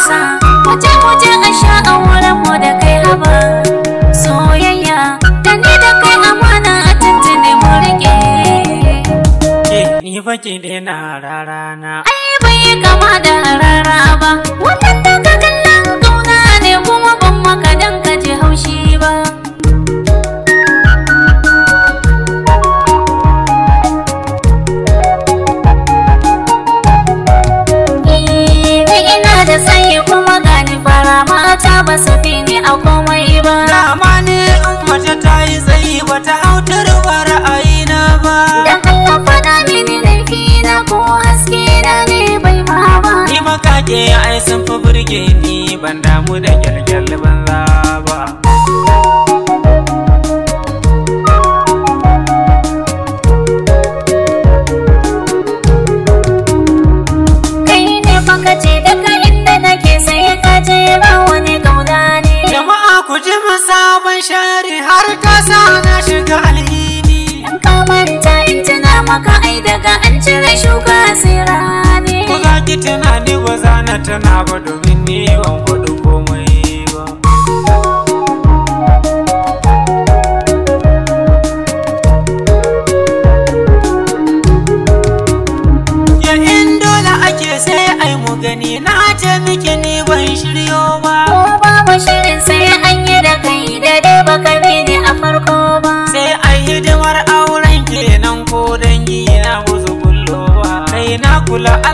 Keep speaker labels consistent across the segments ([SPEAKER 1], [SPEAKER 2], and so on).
[SPEAKER 1] sa waje-waje a sha a wurin mu da kai haba Soyayya da ni da kai amana a tuntune mu rike Ni fa ki daina rarana Ai bai yi kama da rara ba Wannan da ka kallon kauna ne kuma ban maka dan ka haushi ba wasafi a komai ba dama ne in mace ta yi tsayi ba ta autar ba ra'ayi na ba dan Allah faɗa mini laifi na ko haske na ne bai ma ba ni shari har kasa na shiga alhini in ka manta in tuna maka ai daga an cire shuka sai ko za ki tunani ko zana tana ba domin ni ban gudu komai ba yin dole ake sai ai mu gani na ce miki ni ban shiryo ba ko babu shirin Full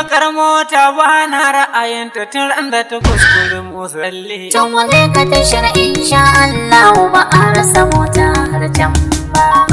[SPEAKER 1] bakar mota ba na ra'ayinta tun ran da ta kuskure musalli. Can wani ka tashar insha Allah ba a rasa mota har can ba.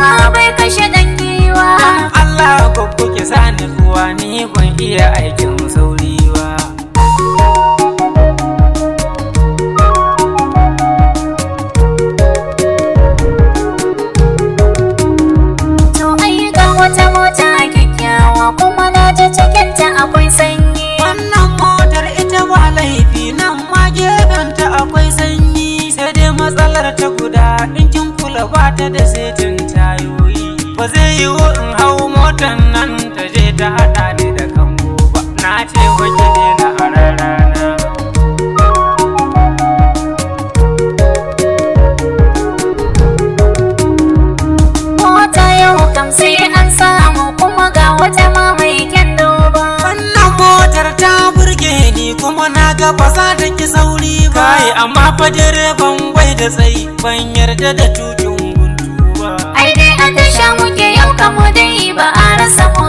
[SPEAKER 1] dama bai kashe dan giwa Allah ko kuke sani kuwa ni kun iya aikin sauri ba To aika wata mota kyakkyawa kuma na ji cikinta akwai sanyi Wannan motar ita ba laifi nan ma ta akwai sanyi sai dai matsalar ta guda ɗinkin gabata da setin tayoyi ba zai yiwu in hau motan nan ta je ta haɗa ni da kango ba na ce wace ne na hararana mota yau kam sai an samu kuma ga waje ma mai kendo ba wannan motar ta burge ni kuma na ga ba za ta ki sauri ba kai amma fa direban bai da tsayi ban yarda da tu samo mu dai ba a rasa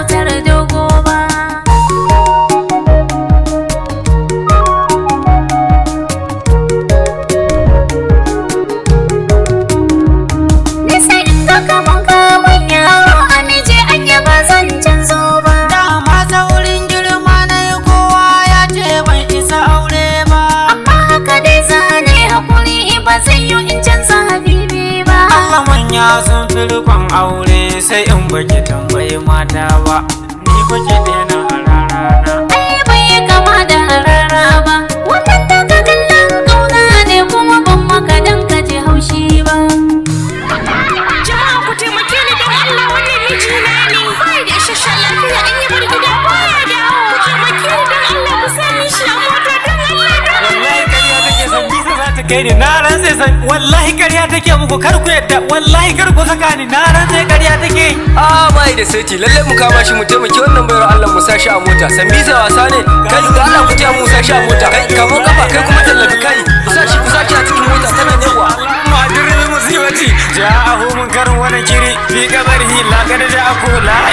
[SPEAKER 1] manya sun fi rikon aure sai in baki tambayi mata ba ni kuke dena a rana sake ni na rantse san wallahi ƙarya take muku kar ku yadda wallahi kar ku saka ni na ran rantse ƙarya take a ah, bai da sai lalle mu kama shi mu taimaki wannan bayar Allah mu sa shi a mota san biza wasa ne kai ga Allah ku ta mu sa shi a mota kai mu kafa kai kuma tallafi kai ku sa shi ku sa shi a cikin mota tana yawa ma Ja musibati ja'ahu munkarun wani kiri bi kabarihi la kada ja'aku la